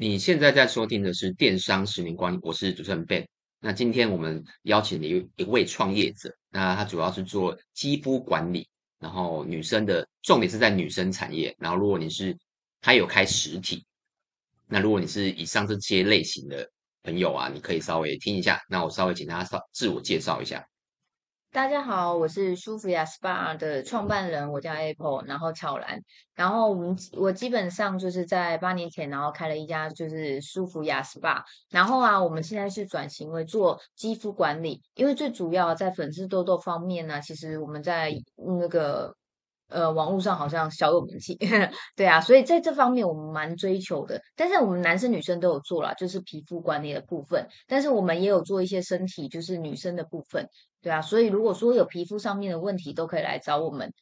你現在在收聽的是《電商十年光陰》，我是主持人 Ben。那今天我們邀請了一一位創業者，那他主要是做肌膚管理，然後女生的，重點是在女生產業。然後如果你是，他有開實體，那如果你是以上這些類型的朋友啊，你可以稍微聽一下。那我稍微請他稍自我介紹一下。大家好，我是舒芙亞 SPA 的創辦人，我叫 Apple，然後巧蘭，然後我們我基本上就是在八年前，然後開了一家就是舒芙亞 SPA，然後啊，我們現在是轉型為做肌膚管理，因為最主要在粉刺痘痘方面呢，其實我們在那個。呃，網絡上好像小有名氣， 對啊，所以在這方面我們蠻追求的。但是我們男生女生都有做啦，就是皮膚管理的部分。但是我們也有做一些身體，就是女生的部分，對啊。所以如果說有皮膚上面的問題，都可以來找我們。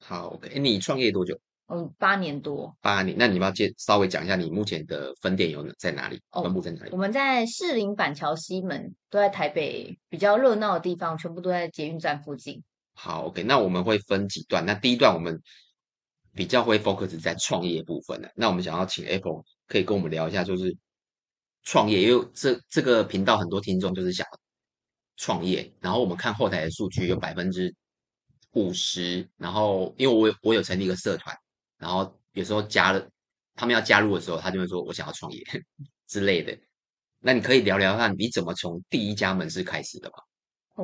好，OK，你創業多久？嗯，八年多。八年？那你要介稍微講一下你目前的分店有在哪裡？總部、哦、在哪裡？我們在士林、板橋、西門，都在台北比較熱鬧的地方，全部都在捷運站附近。好，OK，那我們會分幾段。那第一段我們比較會 focus 在創業部分的。那我們想要請 Apple 可以跟我們聊一下，就是創業，因為這這個頻道很多聽眾就是想創業。然後我們看後台的數據有百分之五十。然後因為我我有成立一個社團，然後有時候加了他們要加入的時候，他就會說我想要創業之類的。那你可以聊聊看你怎麼從第一家門市開始的嗎？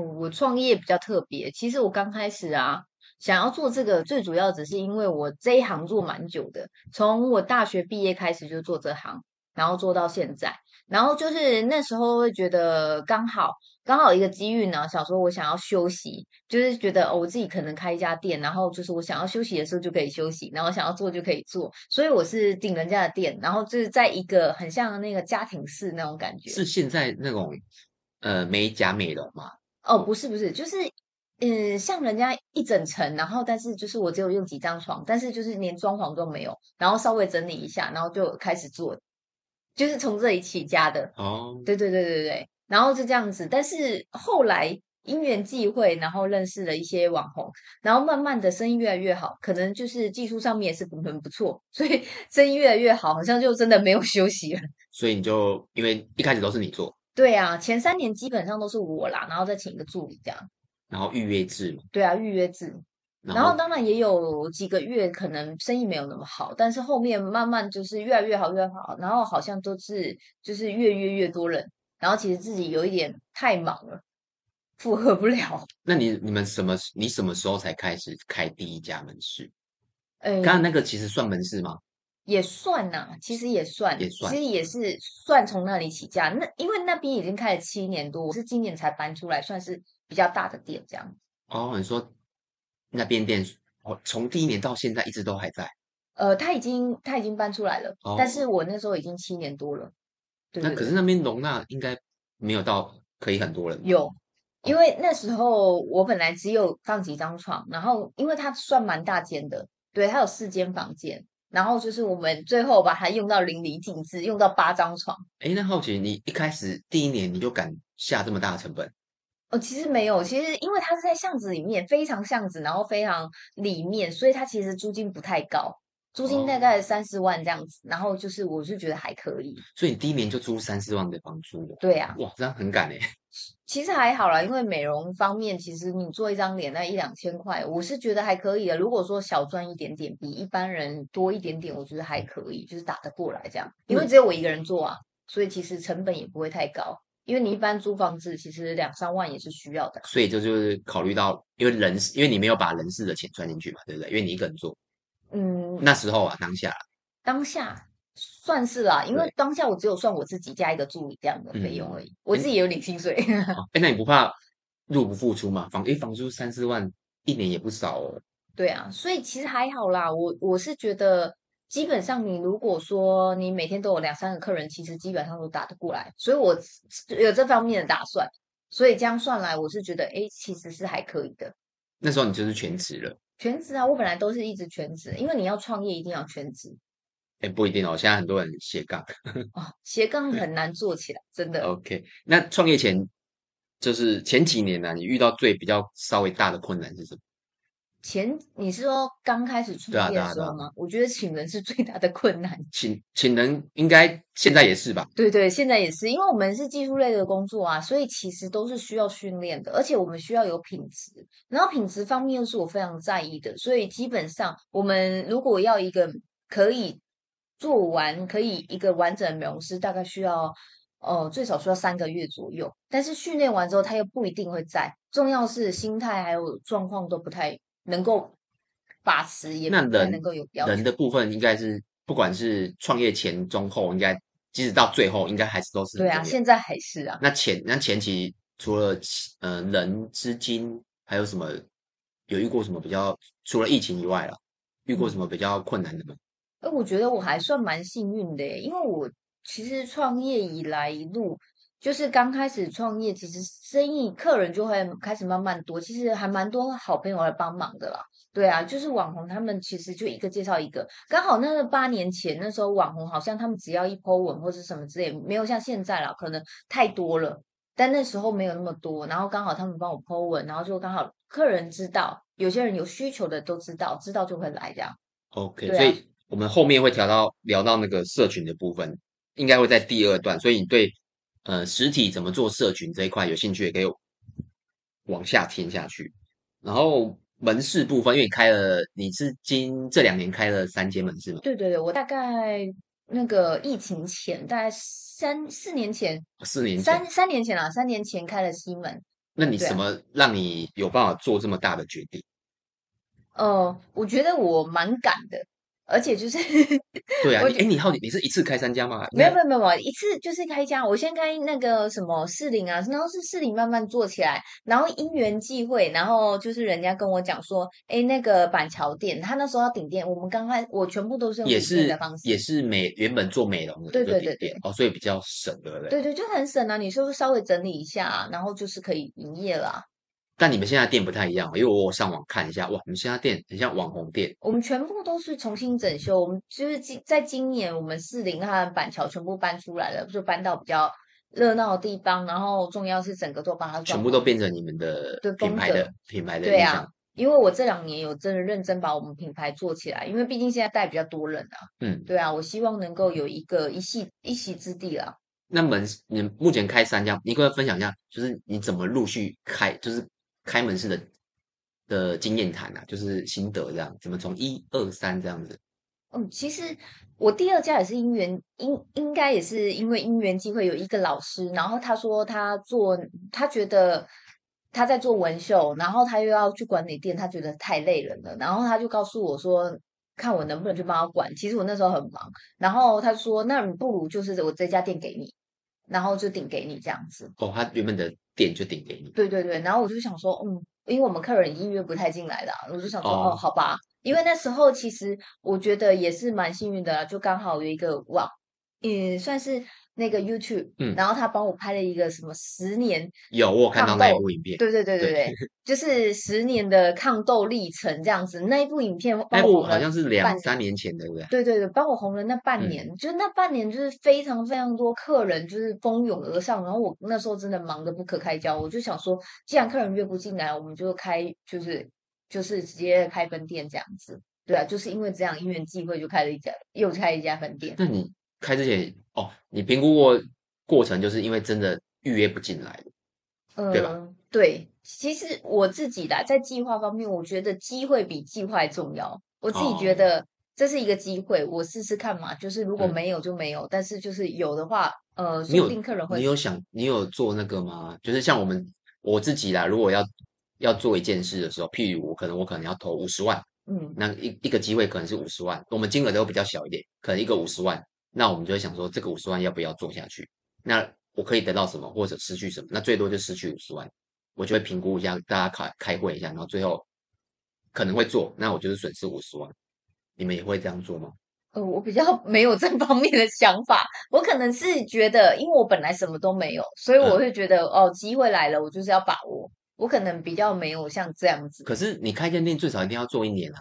我創業比較特別，其實我剛開始啊，想要做這個，最主要只是因為我這一行做蠻久的，從我大學畢業開始就做這行，然後做到現在。然後就是那時候會覺得剛好剛好一個機遇呢，想說我想要休息，就是覺得、哦、我自己可能開一家店，然後就是我想要休息的時候就可以休息，然後想要做就可以做。所以我是頂人家的店，然後就是在一個很像那個家庭式那種感覺。是現在那種呃美甲美容嗎？哦，不是不是，就是嗯，像人家一整層，然後但是就是我只有用幾張床，但是就是連裝潢都沒有，然後稍微整理一下，然後就開始做，就是從這裡起家的哦，對對對對對，然後是這樣子，但是後來因緣際會，然後認識了一些網紅，然後慢慢的生意越來越好，可能就是技術上面也是很不錯，所以生意越來越好，好像就真的沒有休息了。所以你就，因為一開始都是你做。對啊，前三年基本上都是我啦，然後再請一個助理這樣。然後預約制嘛。對啊，預約制。然後，然後當然也有幾個月可能生意沒有那麼好，但是後面慢慢就是越來越好，越好。然後好像都是就是越約越，越多人，然後其實自己有一點太忙了，負荷不了。那你你們什麼？你什麼時候才開始開第一家門市？哎，剛剛那個其實算門市嗎？也算吶、啊，其實也算，也算其實也是算從那裡起家。那因為那邊已經開了七年多，我是今年才搬出來，算是比較大的店這樣。哦，你說那邊店，哦，從第一年到現在一直都還在。呃，他已經他已經搬出來了，哦，但是我那時候已經七年多了。對對，那可是那邊容納應該沒有到可以很多人。有，因為那時候我本來只有放幾張床，然後因為他算蠻大間的，對，他有四間房間。然後就是我們最後把它用到淋漓盡致，用到八張床。哎，那好奇，你一開始第一年你就敢下這麼大的成本？哦，其實沒有，其實因為它是在巷子裡面，非常巷子，然後非常裡面，所以它其實租金不太高，租金大概三四萬這樣子。哦、然後就是，我就覺得還可以。所以你第一年就租三四萬的房租了？對呀、啊，哇，這樣很敢誒。其實還好啦，因為美容方面，其實你做一張臉那一兩千塊，我是覺得還可以的。如果說小賺一點點，比一般人多一點點，我覺得還可以，就是打得過來這樣。因為只有我一個人做啊，嗯、所以其實成本也不會太高。因為你一般租房子，其實兩三萬也是需要的。所以就就是考慮到，因為人事，因為你沒有把人事的錢算進去嘛，對不對？因為你一個人做，嗯，那時候啊，當下、啊，當下。算是啦，因為當下我只有算我自己加一個助理這樣的費用而已，嗯、我自己也有領薪水。那你不怕入不敷出嘛？房，因為房租三四萬一年也不少哦。對啊，所以其實還好啦。我我是覺得，基本上你如果說你每天都有兩三個客人，其實基本上都打得過來。所以我有這方面的打算。所以這樣算來，我是覺得，哎、欸，其實是還可以的。那時候你就是全職了。全職啊，我本來都是一直全職，因為你要創業一定要全職。欸、不一定哦。現在很多人斜槓、哦。斜槓很難做起來，對真的。OK，那創業前就是前幾年呢、啊，你遇到最比較稍微大的困難是什麼？前你是說剛開始創業的時候嗎？啊啊啊、我覺得請人是最大的困難。請請人應該現在也是吧？對，對對，現在也是，因為我們是技術類的工作啊，所以其實都是需要訓練的，而且我們需要有品質。然後品質方面又是我非常在意的，所以基本上我們如果要一個可以。做完可以一個完整的美容師大概需要，呃，最少需要三個月左右。但是訓練完之後，他又不一定會在。重要是心態還有狀況都不太能夠把持，也那人能夠有人，人的部分應該是不管是創業前、中、後，應該即使到最後，應該還是都是。對啊，現在還是啊。那前那前期除了呃人資金還有什麼？有遇過什麼比較除了疫情以外了？遇過什麼比較困難的嗎？哎，我覺得我還算蠻幸運的，因為我其實創業以來一路就是剛開始創業，其實生意客人就會開始慢慢多，其實還蠻多好朋友來幫忙的啦。對啊，就是網紅他們其實就一個介紹一個，剛好那個八年前，那時候網紅好像他們只要一 po 文或是什麼之類，沒有像現在了，可能太多了。但那時候沒有那麼多，然後剛好他們幫我 po 文，然後就剛好客人知道，有些人有需求的都知道，知道就會來這樣。OK，對啊。所以我們後面會調到聊到那個社群的部分，應該會在第二段。所以你對呃實體怎麼做社群這一塊有興趣，也可以往下聽下去。然後門市部分，因為你開了，你是今這兩年開了三間門市嗎？對對對，我大概那個疫情前，大概三四年前，啊、四年前，三三年前啦、啊，三年前開了西門。那你什麼、啊、讓你有辦法做這麼大的決定？哦、呃，我覺得我蠻敢的。而且就是， 對啊，哎，你好你，你是一次開三家嗎？沒有沒有沒有，一次就是開一家，我先開那個什麼士林啊，然後是士林慢慢做起來，然後因緣際會，然後就是人家跟我講說，哎，那個板橋店，他那時候要頂店，我們剛開，我全部都是用頂店的方式也是，也是也是美原本做美容的對對對,對頂店哦，所以比較省的對對對就很省啊，你是不是稍微整理一下、啊，然後就是可以營業了、啊。但你們現在店不太一樣，因為我上網看一下，哇，你們現在店很像網紅店。我們全部都是重新整修，我們就是今在今年，我們士林和板橋全部搬出來了，就搬到比較熱鬧的地方，然後重要是整個都把它全部都變成你們的品牌的品牌的。對啊，因為我這兩年有真的認真把我們品牌做起來，因為畢竟現在帶比較多人啊，嗯，對啊，我希望能夠有一個一席一席之地啦、啊。那門你目前開三家，你跟我分享一下，就是你怎麼陸續開，就是。開門式的的經驗談啊，就是心得這樣，怎麼從一二三這樣子？嗯，其實我第二家也是因緣，應應該也是因為因緣機會，有一個老師，然後他說他做，他覺得他在做紋繡，然後他又要去管理店，他覺得太累了，然後他就告訴我說，看我能不能去幫他管。其實我那時候很忙，然後他說，那你不如就是我這家店給你。然後就頂給你這樣子，哦，他原本的店就頂給你。對對對，然後我就想說，嗯，因為我們客人預約不太進來的，啊，我就想說，哦，哦，好吧，因為那時候其實我覺得也是蠻幸運的，啊，就剛好有一個網，嗯，算是。那個 YouTube，、嗯、然後他幫我拍了一個什麼十年有我看到那一部影片，對對對對對， 就是十年的抗痘歷程這樣子。那一部影片，那部好像是兩三年前的，對不？啊、對？對對對，幫我紅了那半年，嗯、就是那半年就是非常非常多客人就是蜂擁而上，然後我那時候真的忙得不可開交，我就想說，既然客人約不進來，我們就開就是就是直接開分店這樣子。對啊，就是因為這樣因緣際會，就開了一家，又開一家分店。嗯。開之前哦，你評估過過程，就是因為真的預約不進來，呃、對吧？對，其實我自己啦，在計劃方面，我覺得機會比計劃重要。我自己覺得這是一個機會，哦、我試試看嘛。就是如果沒有就沒有，嗯、但是就是有的話，呃，說不定客人會。你有，有想，你有做那個嗎？就是像我們我自己啦，如果要要做一件事的時候，譬如我可能我可能要投五十萬，嗯，那一一個機會可能是五十萬，我們金額都比較小一點，可能一個五十萬。那我們就會想說，這個五十萬要不要做下去？那我可以得到什麼，或者失去什麼？那最多就失去五十萬，我就會評估一下，大家開開會一下，然後最後可能會做。那我就是損失五十萬，你們也會這樣做嗎？呃、哦，我比較沒有這方面的想法，我可能是覺得，因為我本來什麼都沒有，所以我會覺得、啊、哦，機會來了，我就是要把握。我可能比較沒有像這樣子。可是你開間店最少一定要做一年啊？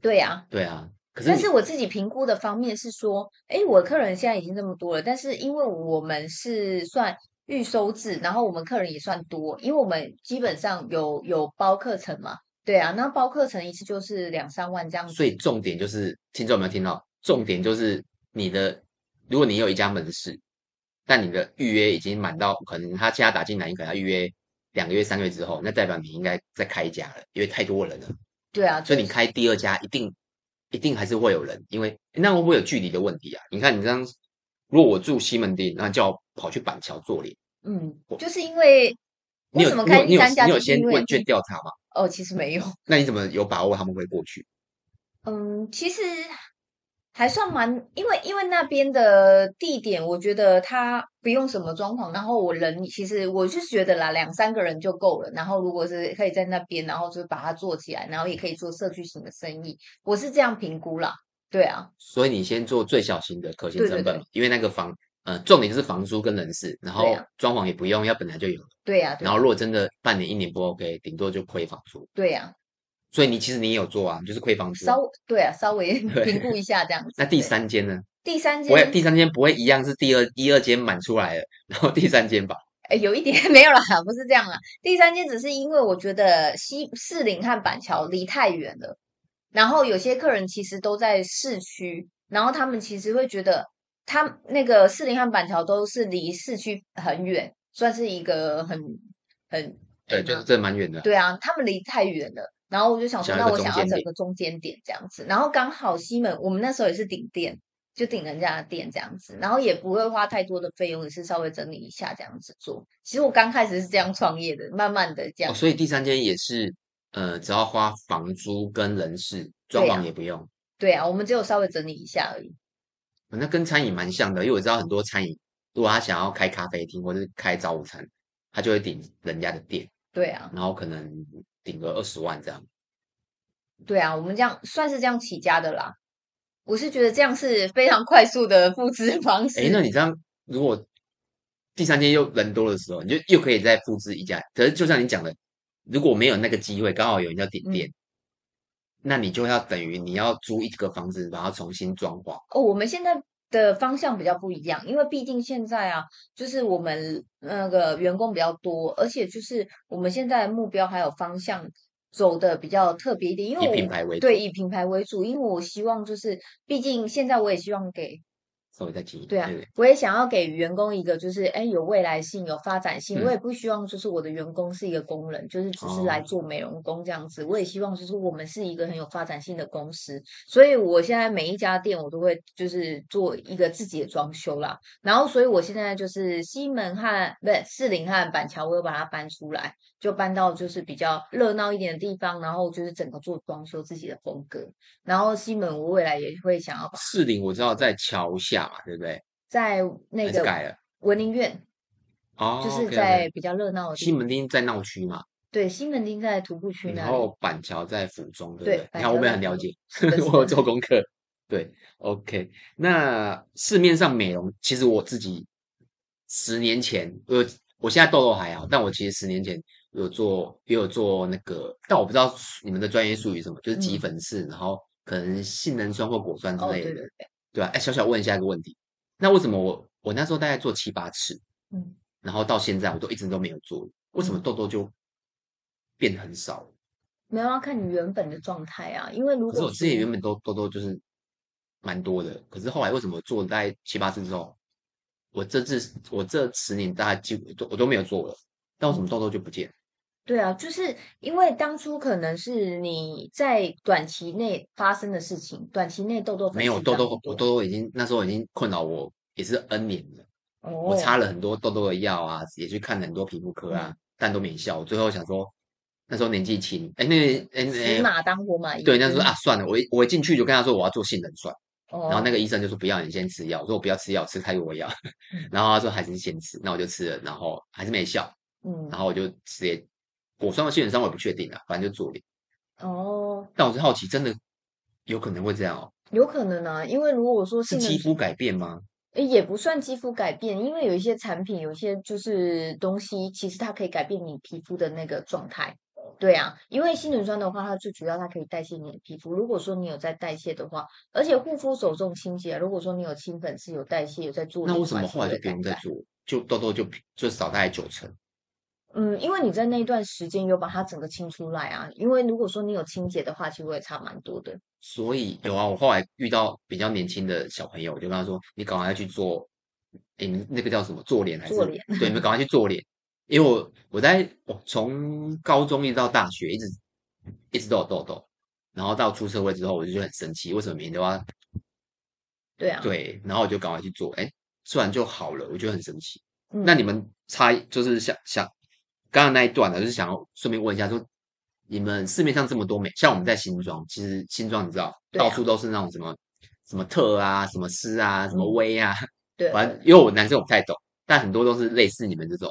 對呀，對啊。對啊可是，但是我自己評估的方面是說，哎，我客人現在已經這麼多了，但是因為我們是算預收制，然後我們客人也算多，因為我們基本上有有包課程嘛，對啊，那包課程一次就是兩三萬這樣子。所以重點就是聽眾有沒有聽到？重點就是你的，如果你有一家門市，但你的預約已經滿到，可能他其他打進來，你可能要預約兩個月、三個月之後，那代表你應該再開一家了，因為太多人了。對啊，就是、所以你開第二家一定。一定還是會有人，因為那會不會有距離的問題啊？你看，你這樣，如果我住西門町，那就要跑去板橋做臉。嗯，就是因為，我，你有，你有先問卷調查嗎？哦，其實沒有。那你怎麼有把握他們會過去？嗯，其實。還算蠻，因為因為那邊的地點，我覺得它不用什麼裝潢。然後我人其實我是覺得啦，兩三個人就夠了。然後如果是可以在那邊，然後就是把它做起來，然後也可以做社區型的生意，我是這樣評估啦。對啊，所以你先做最小型的可行成本，對對對因為那個房，呃，重點是房租跟人事，然後裝潢也不用，要本來就有了。對啊。對呀。然後如果真的半年一年不 OK，頂多就虧房租。對呀、啊。所以你其實你也有做啊，就是虧房租。稍，對啊，稍微評估一下這樣子。對 那第三間呢？第三間不會，第三間不會一樣，是第二第二間滿出來了，然後第三間吧？哎，有一點沒有啦，不是這樣啦。第三間只是因為我覺得西士林和板橋離太遠了，然後有些客人其實都在市區，然後他們其實會覺得他那個士林和板橋都是離市區很遠，算是一個很很對，欸、嗎就是這蠻遠的。對啊，他們離太遠了。然後我就想說，想那我想要整個中間點這樣子，然後剛好西門，我們那時候也是頂店，就頂人家的店這樣子，然後也不會花太多的費用，也是稍微整理一下這樣子做。其實我剛開始是這樣創業的，慢慢的這樣。哦、所以第三間也是，呃，只要花房租跟人事，裝潢也不用對、啊。對啊，我們只有稍微整理一下而已、嗯。那跟餐飲蠻像的，因為我知道很多餐飲，如果他想要開咖啡廳或者開早午餐，他就會頂人家的店。對啊，然後可能頂個二十萬這樣。對啊，我們這樣算是這樣起家的啦。我是覺得這樣是非常快速的複製方式。哎，那你這樣如果第三天又人多的時候，你就又可以再複製一家。可是就像你講的，如果沒有那個機會，剛好有人要點點，店，嗯，那你就要等於你要租一個房子，然後重新裝潢。哦，我們現在。的方向比較不一樣，因為畢竟現在啊，就是我們那個員工比較多，而且就是我們現在目標還有方向走的比較特別一點，因為我以品牌為主，對，以品牌為主，因為我希望就是，畢竟現在我也希望給。稍微再對啊，對對，我也想要給員工一個，就是哎，有未來性，有發展性。嗯、我也不希望就是我的員工是一個工人，就是只是來做美容工這樣子。哦、我也希望就是我們是一個很有發展性的公司。所以我現在每一家店我都會就是做一個自己的裝修啦。然後，所以我現在就是西門和不是士林和板橋，我又把它搬出來，就搬到就是比較熱鬧一點的地方。然後就是整個做裝修自己的風格。然後西門我未來也會想要把士林我知道在橋下，對不對？在那個文林苑，哦，就是在比較熱鬧的。西門町在鬧區嘛，對，西門町在徒步區，嗯。然後板橋在府中，對不對？你看，我們也很了解， 我有做功課。對，對，對，OK。那市面上美容，其實我自己十年前，呃，我現在痘痘還好，但我其實十年前有做，也有，有做那個，但我不知道你們的專業術語什麼，就是擠粉刺，嗯，然後可能杏仁酸或果酸之類的。哦對對對對啊，哎、欸，小小問一下一個問題，那為什麼我我那時候大概做七八次，嗯，然後到現在我都一直都沒有做，為什麼痘痘就變得很少？沒有，要看你原本的狀態啊，因為如果說我之前原本都痘痘就是蠻多的，可是後來為什麼做了大概七八次之後，我這次我這十年大概幾乎都我都沒有做了，那為什麼痘痘就不見了？嗯對啊，就是因為當初可能是你在短期內發生的事情，短期內痘痘，內痘內沒有痘痘，我痘痘已經那時候已經困擾我也是 N 年了。哦、我擦了很多痘痘的藥啊，也去看了很多皮膚科啊，嗯、但都沒效。我最後想說那時候年紀輕，哎、嗯，那誒誒對嗯，死馬當活馬醫。對，那時候啊，算了，我一我一進去就跟他說我要做杏仁酸，哦、然後那個醫生就說不要，你先吃藥。我說我不要吃藥，我吃太多藥。 然後他說還是先吃，那我就吃了，然後還是沒效。嗯，然後我就直接。果酸和杏仁酸，我也不確定啊，反正就做臉。哦。Oh, 但我是好奇，真的有可能會這樣哦、喔？有可能啊，因為如果說是肌膚改變嗎？欸、也不算肌膚改變，因為有一些產品，有一些就是東西，其實它可以改變你皮膚的那個狀態。對啊，因為杏仁酸的話，它最主要它可以代謝你的皮膚。如果說你有在代謝的話，而且護膚首重清潔，如果說你有清粉刺有代謝有在做，那為什麼後來就不用再做？變就痘痘就就少大概九成。嗯，因為你在那一段時間有把它整個清出來啊，因為如果說你有清潔的話，其實會差蠻多的。所以有啊，我後來遇到比較年輕的小朋友，我就跟他說：“你趕快去做，哎，那個叫什麼？做臉還是？做臉。對，你們趕快去做臉， 因為我我在我從高中一直到大學，一直一直都有痘痘，然後到出社會之後，我就覺得很生氣，為什麼每天都要？對啊，對，然後我就趕快去做，哎，做完就好了，我覺得很神奇。嗯，那你們差，就是想想。剛剛那一段呢，就是想要順便問一下說，說你們市面上這麼多美，像我們在新莊，其實新莊你知道，對啊、到處都是那種什麼什麼特啊，什麼詩啊，什麼威啊，對、嗯，反正因為我男生我不太懂，但很多都是類似你們這種，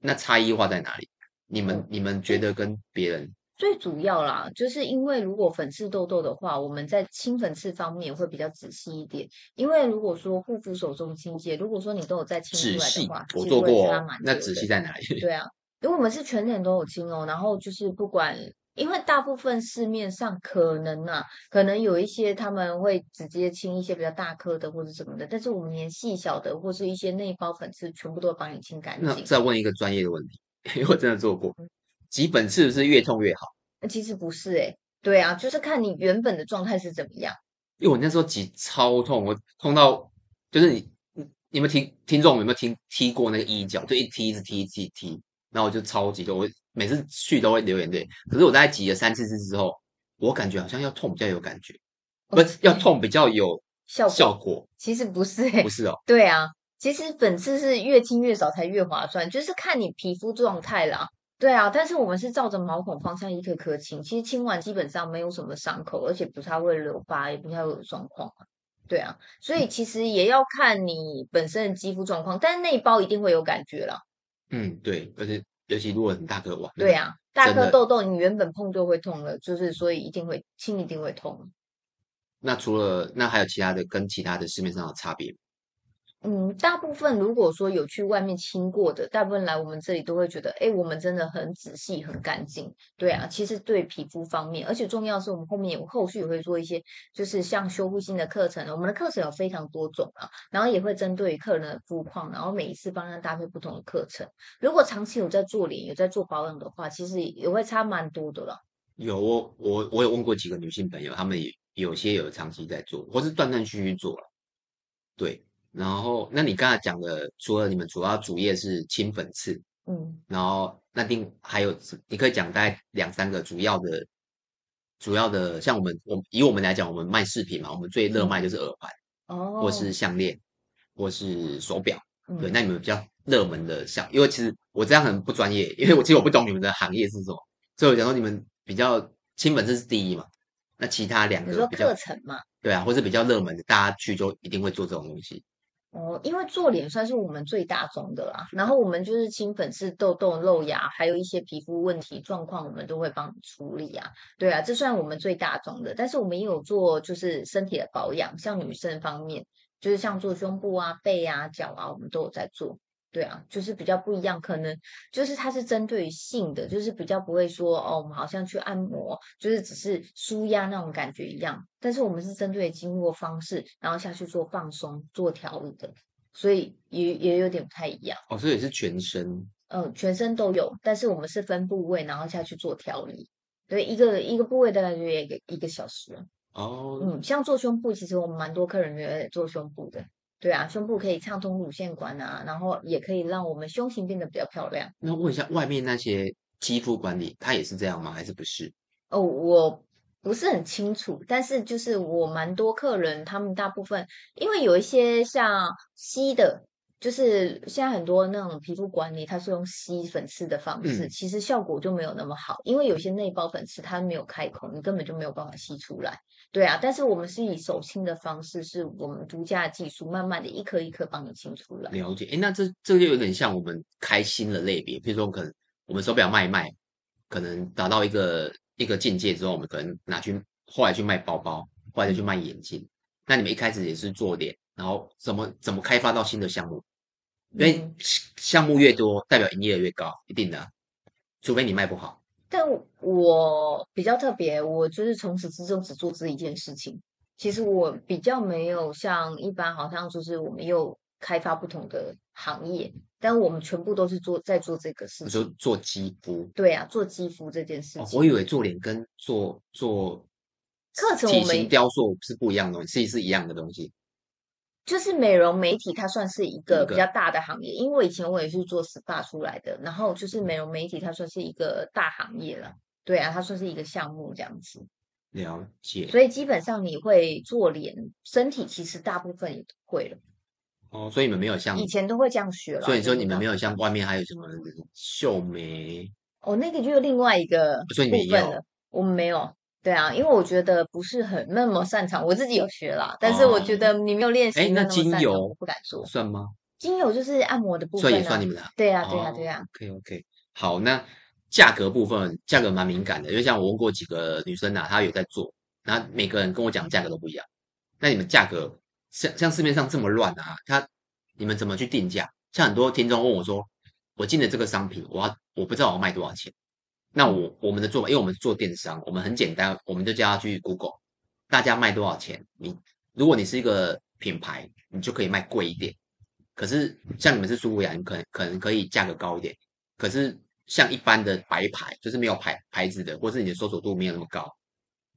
那差異化在哪裡？你們、嗯、你們覺得跟別人？最主要啦，就是因為如果粉刺痘痘的話，我們在清粉刺方面會比較仔細一點。因為如果說護膚手中清潔，如果說你都有在清，出來的話，仔細我做過、哦，那仔細在哪裡？對啊，因為我們是全臉都有清哦。然後就是不管，因為大部分市面上可能啊，可能有一些他們會直接清一些比較大顆的或者什麼的，但是我們連細小的或是一些內包粉刺全部都幫你清乾淨。再問一個專業的問題，因為我真的做過。嗯擠粉刺是不是越痛越好？那其實不是誒、欸、對啊，就是看你原本的狀態是怎麼樣。因為我那時候擠超痛，我痛到就是你，你有沒有聽聽眾有沒有聽踢、踢過那個衣角？就一踢一直踢直踢、踢，然後我就超級痛。我每次去都會流眼淚。可是我大概擠了三次之後，我感覺好像要痛比較有感覺，Okay 不是要痛比較有效果效果。其實不是誒、欸、不是哦。對啊，其實粉刺是越清越少才越划算，就是看你皮膚狀態啦。對啊，但是我們是照着毛孔方向一顆顆清，其實清完基本上沒有什麼傷口，而且不太會留疤，也不太會有狀況啊，對啊，所以其實也要看你本身的肌膚狀況，但是那一包一定會有感覺了。嗯，對，而且尤其如果很大顆網，對啊，的大顆痘痘，你原本碰就會痛了，就是所以一定會清，一定會痛。那除了，那還有其他的跟其他的市面上的差別嗎？嗯，大部分如果說有去外面清過的，大部分來我們這裡都會覺得，哎，我們真的很仔細、很乾淨，對啊。其實對皮膚方面，而且重要的是我們後面有後續也會做一些，就是像修復性的課程。我們的課程有非常多種啊，然後也會針對客人的膚況，然後每一次幫他搭配不同的課程。如果長期有在做臉，有在做保養的話，其實也會差蠻多的了。有我，我我有問過幾個女性朋友，他們也有些有長期在做，或是斷斷續續續做，對。然後，那你剛才講的，除了你們主要主業是清粉刺，嗯，然後那定，還有，你可以講大概兩三個主要的，主要的，像我們，我以我們來講，我們賣飾品嘛，我們最熱賣就是耳環、嗯，哦，或是項鏈，或是手錶，嗯、對，那你們比較熱門的項，因為其實我這樣很不專業，因為我其實我不懂你們的行業是什麼，嗯、所以我講說你們比較清粉刺是第一嘛，那其他兩個比較，比如說課程嘛，對啊，或是比較熱門的，大家去就一定會做這種東西。哦、嗯，因為做臉算是我們最大宗的啦，啊，然後我們就是清粉刺、痘痘、肉芽，還有一些皮膚問題狀況，我們都會幫你處理啊。對啊，這算我們最大宗的，但是我們也有做就是身體的保養，像女生方面，就是像做胸部啊、背啊、腳啊，我們都有在做。對啊，就是比較不一樣，可能就是它是針對性的，就是比較不會說哦，我們好像去按摩，就是只是舒壓那種感覺一樣。但是我們是針對經絡方式，然後下去做放鬆、做調理的，所以也也有點不太一樣。哦，所以是全身，嗯、呃，全身都有，但是我們是分部位，然後下去做調理。所以一個一個部位大概約一個一個小時。哦，嗯，像做胸部，其實我們蠻多客人也做胸部的。對啊，胸部可以暢通乳腺管啊，然後也可以讓我們胸型變得比較漂亮。那問一下，外面那些肌膚管理，它也是這樣嗎？還是不是？哦，我不是很清楚，但是就是我蠻多客人，他們大部分因為有一些像吸的，就是現在很多那種皮膚管理，它是用吸粉刺的方式，嗯、其實效果就沒有那麼好，因為有些內包粉刺它沒有開孔，你根本就沒有辦法吸出來。對啊，但是我們是以手清的方式，是我們獨家技術，慢慢的一顆一顆幫你清除了。了解。誒，那這這就有點像我們開新的類別，比如說我們可能我們手錶賣一賣，可能達到一個一個境界之後，我們可能拿去後來去賣包包，後來就去賣眼鏡。嗯、那你們一開始也是做臉，然後怎麼怎麼開發到新的項目？因為項目越多，代表營業額越高，一定的，啊，除非你賣不好。但我比較特別，我就是從始至終只做這一件事情。其實我比較沒有像一般，好像就是我們又開發不同的行業，但我們全部都是做在做這個事情。就做肌膚，對啊，做肌膚這件事情。哦，我以為做臉跟做做課程我們，體型雕塑是不一樣的東西，是一，是一樣的東西。就是美容美體，它算是一個比較大的行業。那個、因為我以前我也是做 SPA、嗯、出來的，然後就是美容美體，它算是一個大行業了。對啊，它算是一個項目這樣子。了解。所以基本上你會做臉、身體，其實大部分也都會了。哦，所以你們沒有像以前都會這樣學了。所以你說你們沒有像外面還有什麼、嗯、繡眉美。哦，那個就是另外一個部分了。所以你我們沒有。對啊，因為我覺得不是很那麼擅長，我自己有學啦，但是我覺得你沒有練習，誒那精油不敢說算嗎？精油就是按摩的部分、啊，所以也算你們的，對呀、啊哦、對呀對呀。OK OK，好，那價格部分價格蠻敏感的，就像我問過幾個女生吶、啊，她有在做，然後每個人跟我講價格都不一樣。那你們價格像像市面上這麼亂啊，她你們怎麼去定價？像很多聽眾問我說，我進的這個商品，我要我不知道我要賣多少錢。那我我們的做法，因為我們是做電商，我們很簡單，我們就叫它去 Google，大家賣多少錢？你如果你是一個品牌，你就可以賣貴一點。可是像你們是舒芙亞，你可能可能可以價格高一點。可是像一般的白牌，就是沒有牌牌子的，或是你的搜索度沒有那麼高，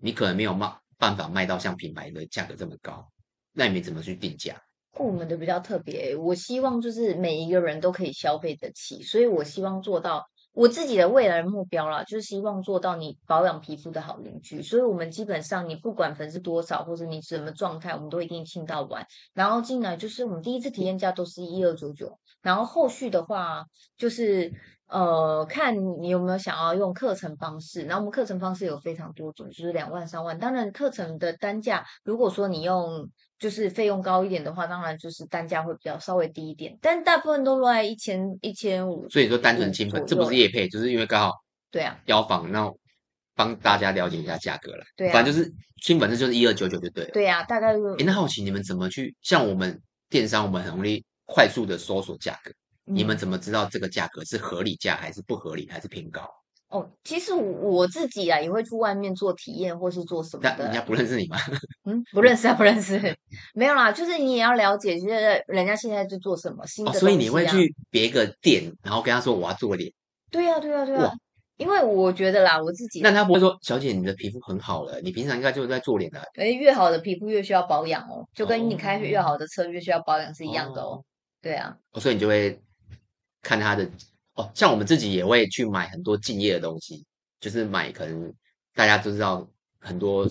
你可能沒有辦辦法賣到像品牌的價格這麼高。那你們怎麼去定價？我們的比較特別，我希望就是每一個人都可以消費得起，所以我希望做到。我自己的未來的目標啦，就是希望做到你保養皮膚的好鄰居。所以，我們基本上你不管粉刺多少或者你什麼狀態，我們都一定清到完，然後進來就是我們第一次體驗價都是一二九九，然後後續的話就是呃，看你有沒有想要用課程方式。然後我們課程方式有非常多種，就是兩萬三萬，當然課程的單價，如果說你用。就是費用高一點的話，當然就是單價會比較稍微低一點，但大部分都落在一千一千五左右左右。所以說單純清粉，這不是業配，就是因為剛好對啊。標房，那幫大家了解一下價格啦。對啊，反正就是清本，這就是一二九九就對了。對啊，大概就是。哎，那好奇你們怎麼去？像我們電商，我們很容易快速的搜索價格，嗯、你們怎麼知道這個價格是合理價還是不合理還是偏高？哦，其實我自己啊，也會去外面做體驗，或是做什麼的。人家不認識你嗎？ 嗯，不認識啊，不認識。 沒有啦，就是你也要了解，現在人家現在在做什麼新的、啊哦。所以你會去別個店，然後跟他說我要做臉。對啊，對啊，對啊。哇因為我覺得啦，我自己、啊、那他不會說，小姐，你的皮膚很好了，你平常應該就是在做臉的、啊。哎、欸，越好的皮膚越需要保養哦，就跟你開越好的車越需要保養是一樣的哦。哦對啊、哦。所以你就會看他的。哦，像我們自己也會去買很多敬業的東西，就是買可能大家都知道很多，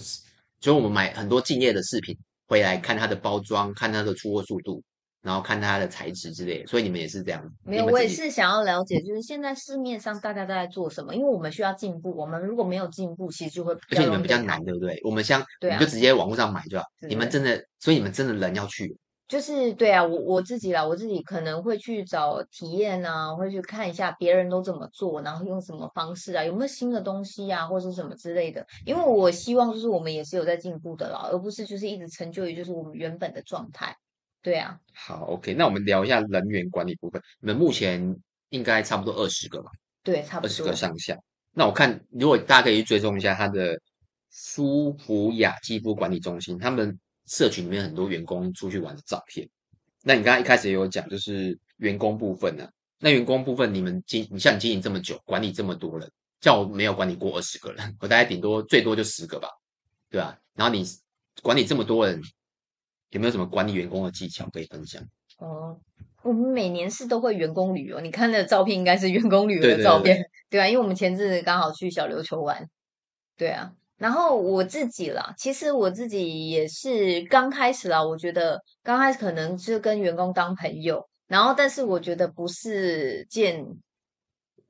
就是我們買很多敬業的飾品，回來看它的包裝，看它的出貨速度，然後看它的材質之類的。所以你們也是這樣？沒有，我也是想要了解，就是現在市面上大家都在做什麼，因為我們需要進步。我們如果沒有進步，其實就會。而且你們比較難，對不對？我們像你、啊、就直接網絡上買就好，是你們真的，對所以你們真的人要去。就是對啊，我我自己啦，我自己可能會去找體驗啊，會去看一下別人都怎麼做，然後用什麼方式啊，有沒有新的東西啊，或者是什麼之類的。因為我希望就是我們也是有在進步的啦，而不是就是一直成就於就是我們原本的狀態。對啊，好，OK，那我們聊一下人員管理部分。你們目前應該差不多二十個吧？對，差不多二十個上下。那我看如果大家可以追蹤一下他的舒芙亞肌膚管理中心，他們。社群裡面很多員工出去玩的照片。那你剛才一開始也有講，就是員工部分呢、啊。那員工部分，你們經你像你經營這麼久，管理這麼多人，像我沒有管理過二十個人，我大概頂多最多就十個吧，對啊，然後你管理這麼多人，有沒有什麼管理員工的技巧可以分享？哦，我們每年是都會員工旅遊。你看那照片應該是員工旅遊的照片，對，對，對，對，對啊，因為我們前陣子剛好去小琉球玩，對啊。然後我自己啦，其實我自己也是剛開始啦。我覺得剛開始可能就跟員工當朋友，然後但是我覺得不是件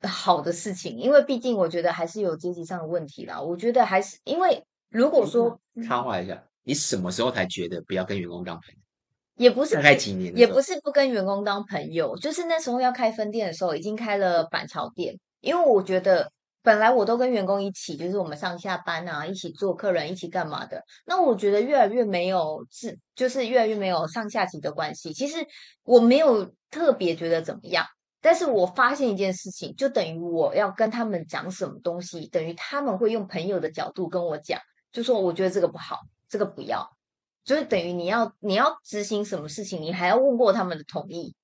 好的事情，因為畢竟我覺得還是有階級上的問題啦。我覺得還是因為，如果說、嗯、插話一下，你什麼時候才覺得不要跟員工當朋友？也不是，大概幾年也不是不跟員工當朋友，就是那時候要開分店的時候，已經開了板橋店，因為我覺得。本來我都跟員工一起，就是我們上下班啊，一起做客人，一起幹嘛的。那我覺得越來越沒有，是就是越來越沒有上下級的關係。其實我沒有特別覺得怎麼樣，但是我發現一件事情，就等於我要跟他們講什麼東西，等於他們會用朋友的角度跟我講，就說我覺得這個不好，這個不要。就是等於你要你要執行什麼事情，你還要問過他們的同意，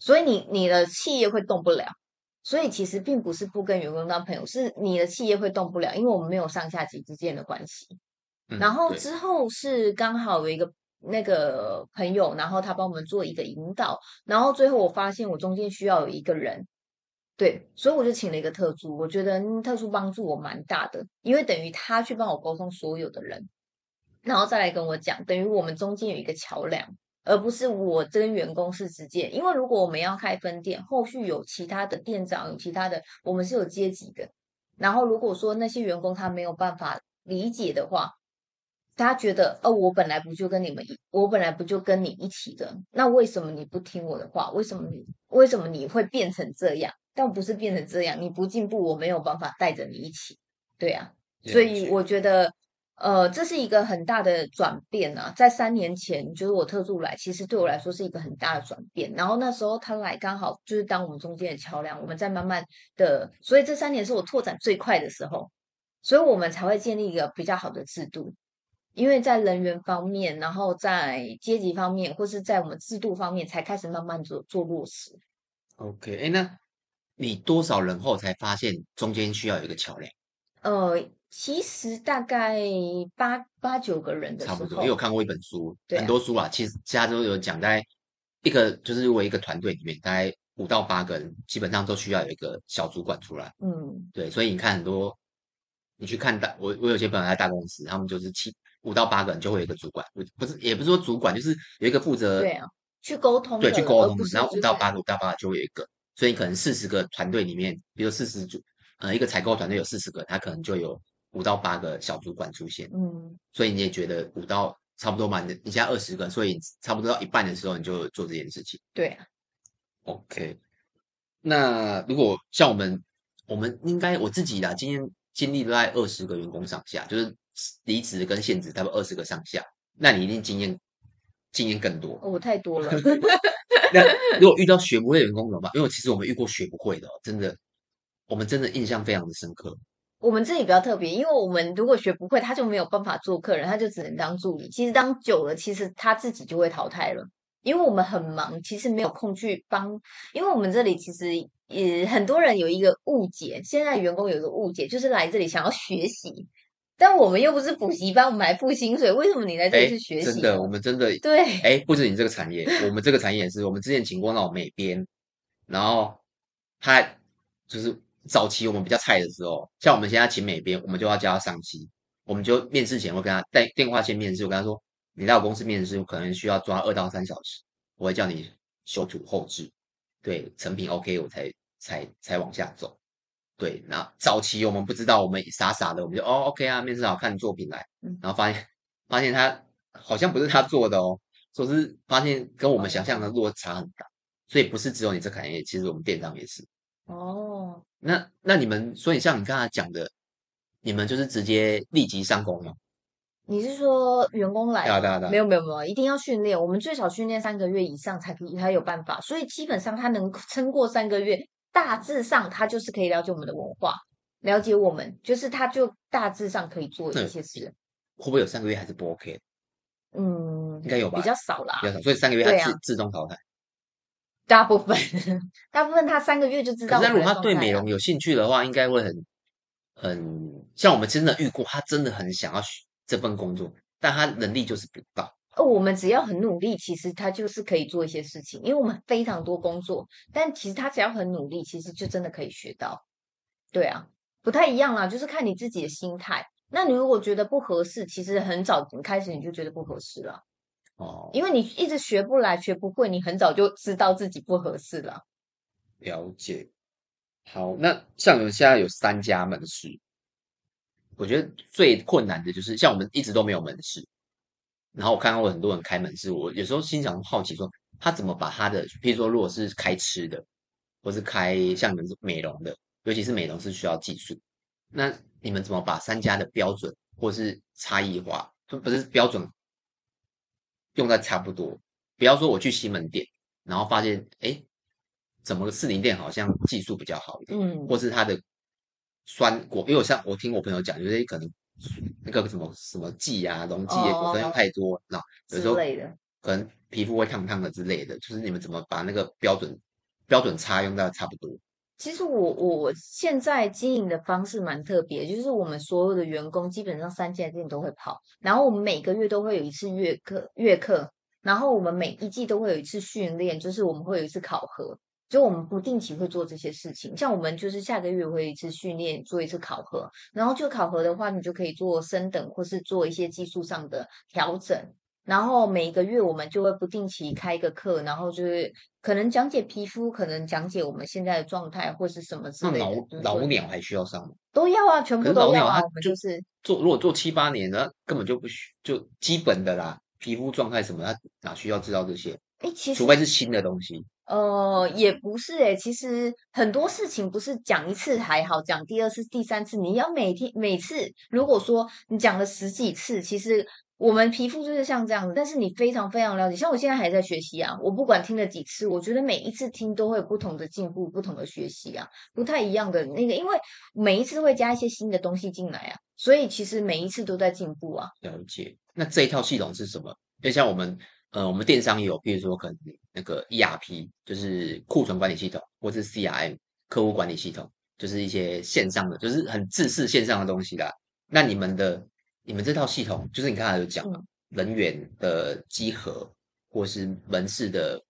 所以你你的企業會動不了。所以其實並不是不跟員工當朋友，是你的企業會動不了，因為我們沒有上下級之間的關係。嗯，然後之後是剛好有一個那個朋友，然後他幫我們做一個引導，然後最後我發現我中間需要有一個人，對，所以我就請了一個特助。我覺得特助幫助我蠻大的，因為等於他去幫我溝通所有的人，然後再來跟我講，等於我們中間有一個橋樑，而不是我跟員工是直接，因為如果我們要開分店，後續有其他的店長，有其他的，我們是有階級的。然後如果說那些員工他沒有辦法理解的話，他覺得，哦，我本來不就跟你們，我本來不就跟你一起的，那為什麼你不聽我的話？為什麼你為什麼你會變成這樣？但不是變成這樣，你不進步，我沒有辦法帶着你一起，對啊，所以我覺得。呃，這是一個很大的轉變啊！在三年前，就是我特助來，其實對我來說是一個很大的轉變。然後那時候他來剛好就是當我們中間的橋梁，我們在慢慢的，所以這三年是我拓展最快的時候，所以我們才會建立一個比較好的制度，因為在人員方面，然後在階級方面，或是在我們制度方面，才開始慢慢做做落實。OK，哎，那你多少人後才發現中間需要有一個橋梁？呃，其實大概八八九個人的時候，差不多。因為我看過一本書，啊、很多書啊。其實其他都有講，在一個就是如果一個團隊裡面，大概五到八個人，基本上都需要有一個小主管出來。嗯，對。所以你看很多，你去看大，我我有些朋友在大公司，他們就是七五到八個人就會有一個主管，不是也不是說主管，就是有一個負責對、啊、對，去溝通，對、就是，去溝通。然後五到八，五到八就會有一個。所以可能四十個團隊裡面，比如四十組。呃，一個採購團隊有四十個，他可能就有五到八個小主管出現。嗯，所以你也覺得五到差不多嘛？你你現在二十個，所以差不多到一半的時候你就做這件事情。對啊，OK。那如果像我們，我們應該我自己啦，經驗經歷都在二十個員工上下，就是離職跟現職大概二十個上下，那你一定經驗經驗更多。哦，太多了。 那如果遇到學不會的員工怎麼辦？因為其實我們遇過學不會的哦，真的。我們真的印象非常的深刻。我們這裡比較特別，因為我們如果學不會，他就沒有辦法做客人，他就只能當助理。其實當久了，其實他自己就會淘汰了。因為我們很忙，其實沒有空去幫。因為我們這裡其實也、呃、很多人有一個誤解，現在員工有一個誤解，就是來這裡想要學習，但我們又不是補習班，我們還付薪水，為什麼你來這裡去學習？欸。真的，我們真的對。哎、欸，不止你這個產業， 我們這個產業也是。我們之前請過那種美編，然後他就是。早期我們比較菜的時候，像我們現在請美編，我們就要叫他上機。我們就面試前，會跟他帶電話先面試，我跟他說：“你到我公司面試，我可能需要抓二到三小時。”我會叫你修圖、後置，對成品 OK，我才才才往下走。對，那早期我們不知道，我們傻傻的，我們就哦 OK 啊，面試好看作品來，嗯、然後發現發現他好像不是他做的哦，說、就是發現跟我們想象的落差很大，所以不是只有你這行業，其實我們店長也是。哦。那那你們，所以像你剛才講的，你們就是直接立即上工嗎？你是說員工來、啊？對啊對啊對啊、沒有沒有沒有，一定要訓練。我們最少訓練三個月以上才可以，才有辦法。所以基本上他能撐過三個月，大致上他就是可以了解我們的文化，了解我們，就是他就大致上可以做一些事。會不會有三個月還是不 OK 的？嗯，應該有吧？比較少啦，比較少。所以三個月他自、啊、自,自動淘汰。大部分，大部分他三個月就知道。但如果他對美容有興趣的話，應該會很，很，像我們真的遇過，他真的很想要學這份工作，但他能力就是不到。哦，我們只要很努力，其實他就是可以做一些事情，因為我們非常多工作，但其實他只要很努力，其實就真的可以學到。對啊，不太一樣啦，就是看你自己的心態。那你如果覺得不合適，其實很早開始你就覺得不合適了。哦，因為你一直學不來、學不會，你很早就知道自己不合適了。哦。了解，好。那像你們現在有三家門市，我覺得最困難的就是像我們一直都沒有門市。然後我看到很多人開門市，我有時候心想好奇說，他怎麼把他的，譬如說如果是開吃的，或是開像你們是美容的，尤其是美容是需要技術，那你們怎麼把三家的標準或是差異化？就不是標準。用在差不多，不要說我去西門店，然後發現哎，怎麼士林店好像技術比較好一點，嗯、或是它的酸果，因為我像我聽我朋友講，就是可能那個什麼什麼劑啊、溶劑的果酸用太多，那有時候可能皮膚會燙燙的之類的，就是你們怎麼把那個標準標準差用到差不多？其實我我現在經營的方式蠻特別，就是我們所有的員工基本上三間店都會跑，然後我們每個月都會有一次月課，月課，然後我們每一季都會有一次訓練，就是我們會有一次考核，就我們不定期會做這些事情。像我們就是下個月會一次訓練，做一次考核，然後就考核的話，你就可以做升等或是做一些技術上的調整。然後每個月我們就會不定期開一個課，然後就是可能講解皮膚，可能講解我們現在的狀態或是什麼之類的。那老老鳥還需要上嗎？都要啊，全部都要啊。老鳥們就是做，如果做七八年呢，根本就不需就基本的啦，皮膚狀態什麼，他哪需要知道這些？哎，其實除非是新的東西。呃，也不是哎，其實很多事情不是講一次還好，講第二次、第三次，你要每天每次，如果說你講了十幾次，其實。我們皮膚就是像這樣子，但是你非常非常了解。像我現在還在學習啊，我不管聽了幾次，我覺得每一次聽都會有不同的進步，不同的學習啊，不太一樣的那個，因為每一次會加一些新的東西進來啊，所以其實每一次都在進步啊。了解，那這一套系統是什麼？就像我們，呃，我們電商有，比如說可能那個 ERP 就是庫存管理系統，或是 CRM 客戶管理系統，就是一些線上的，就是很自視線上的東西啦。那你們的。你們這套系統，就是你剛才有講了人員的集合，或是門市的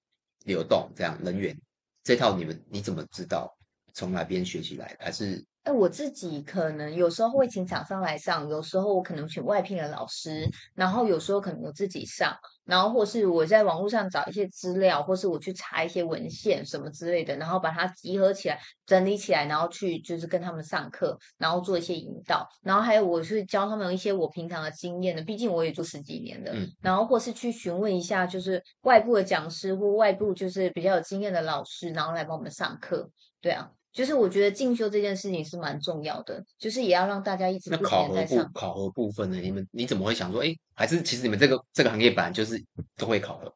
流動，這樣人員這套你們你怎麼知道從哪邊學起來，還是？哎，我自己可能有時候會請廠商來上，有時候我可能請外聘的老師，然後有時候可能我自己上，然後或是我在網絡上找一些資料，或是我去查一些文獻什麼之類的，然後把它集合起來、整理起來，然後去就是跟他們上課，然後做一些引導，然後還有我是教他們一些我平常的經驗的，畢竟我也做十幾年了，然後或是去詢問一下就是外部的講師或外部就是比較有經驗的老師，然後來幫我們上課，對啊。就是我覺得進修這件事情是蠻重要的，就是也要讓大家一直在上。那考核部、考核部分呢？你們你怎麼會想說，哎，還是其實你們這個這個行業本來就是都會考核？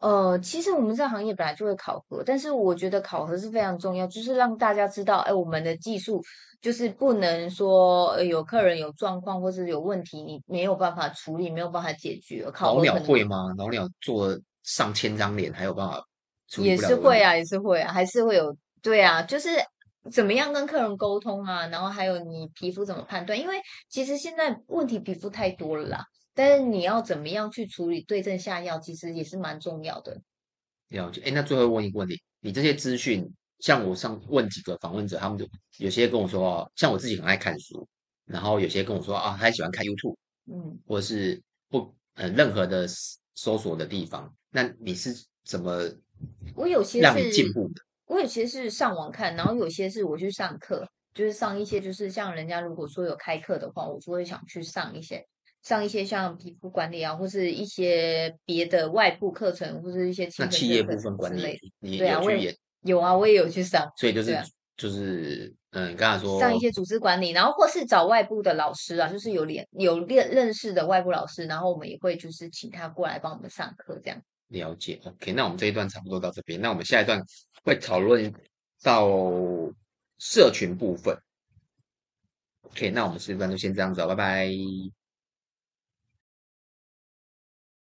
呃，其實我們這個行業本來就會考核，但是我覺得考核是非常重要，就是讓大家知道，哎，我們的技術就是不能說，呃、有客人有狀況或是有問題，你沒有辦法處理，沒有辦法解決。考核老鳥會嗎？老鳥做上千張臉，嗯、還有辦法處理？也是會啊，也是會啊，還是會有，對啊，就是。怎麼樣跟客人溝通啊？然後還有你皮膚怎麼判斷？因為其實現在問題皮膚太多了啦。但是你要怎麼樣去處理、對症下藥，其實也是蠻重要的。了解。哎，那最後問一個問題：你這些資訊，像我上問幾個訪問者，他們就有些跟我說哦，像我自己很愛看書，然後有些跟我說啊，他喜歡看 YouTube，嗯，或者是不，呃，任何的搜索的地方。那你是怎麼？我有些讓你進步的。我有些是上網看，然後有些是我去上課，就是上一些，就是像人家如果說有開課的話，我就會想去上一些，上一些像皮膚管理啊，或是一些別的外部課程，或者一些其他企業部分管理，對啊，我也有啊，我也有去上，所以就是、啊、就是嗯，剛才說上一些組織管理，然後或是找外部的老師啊，就是有聯有聯認識的外部老師，然後我們也會就是請他過來幫我們上課這樣。了解，OK，那我們這一段差不多到這邊，那我們下一段會討論到社群部分，OK，那我們這一段就先這樣子、哦，拜拜。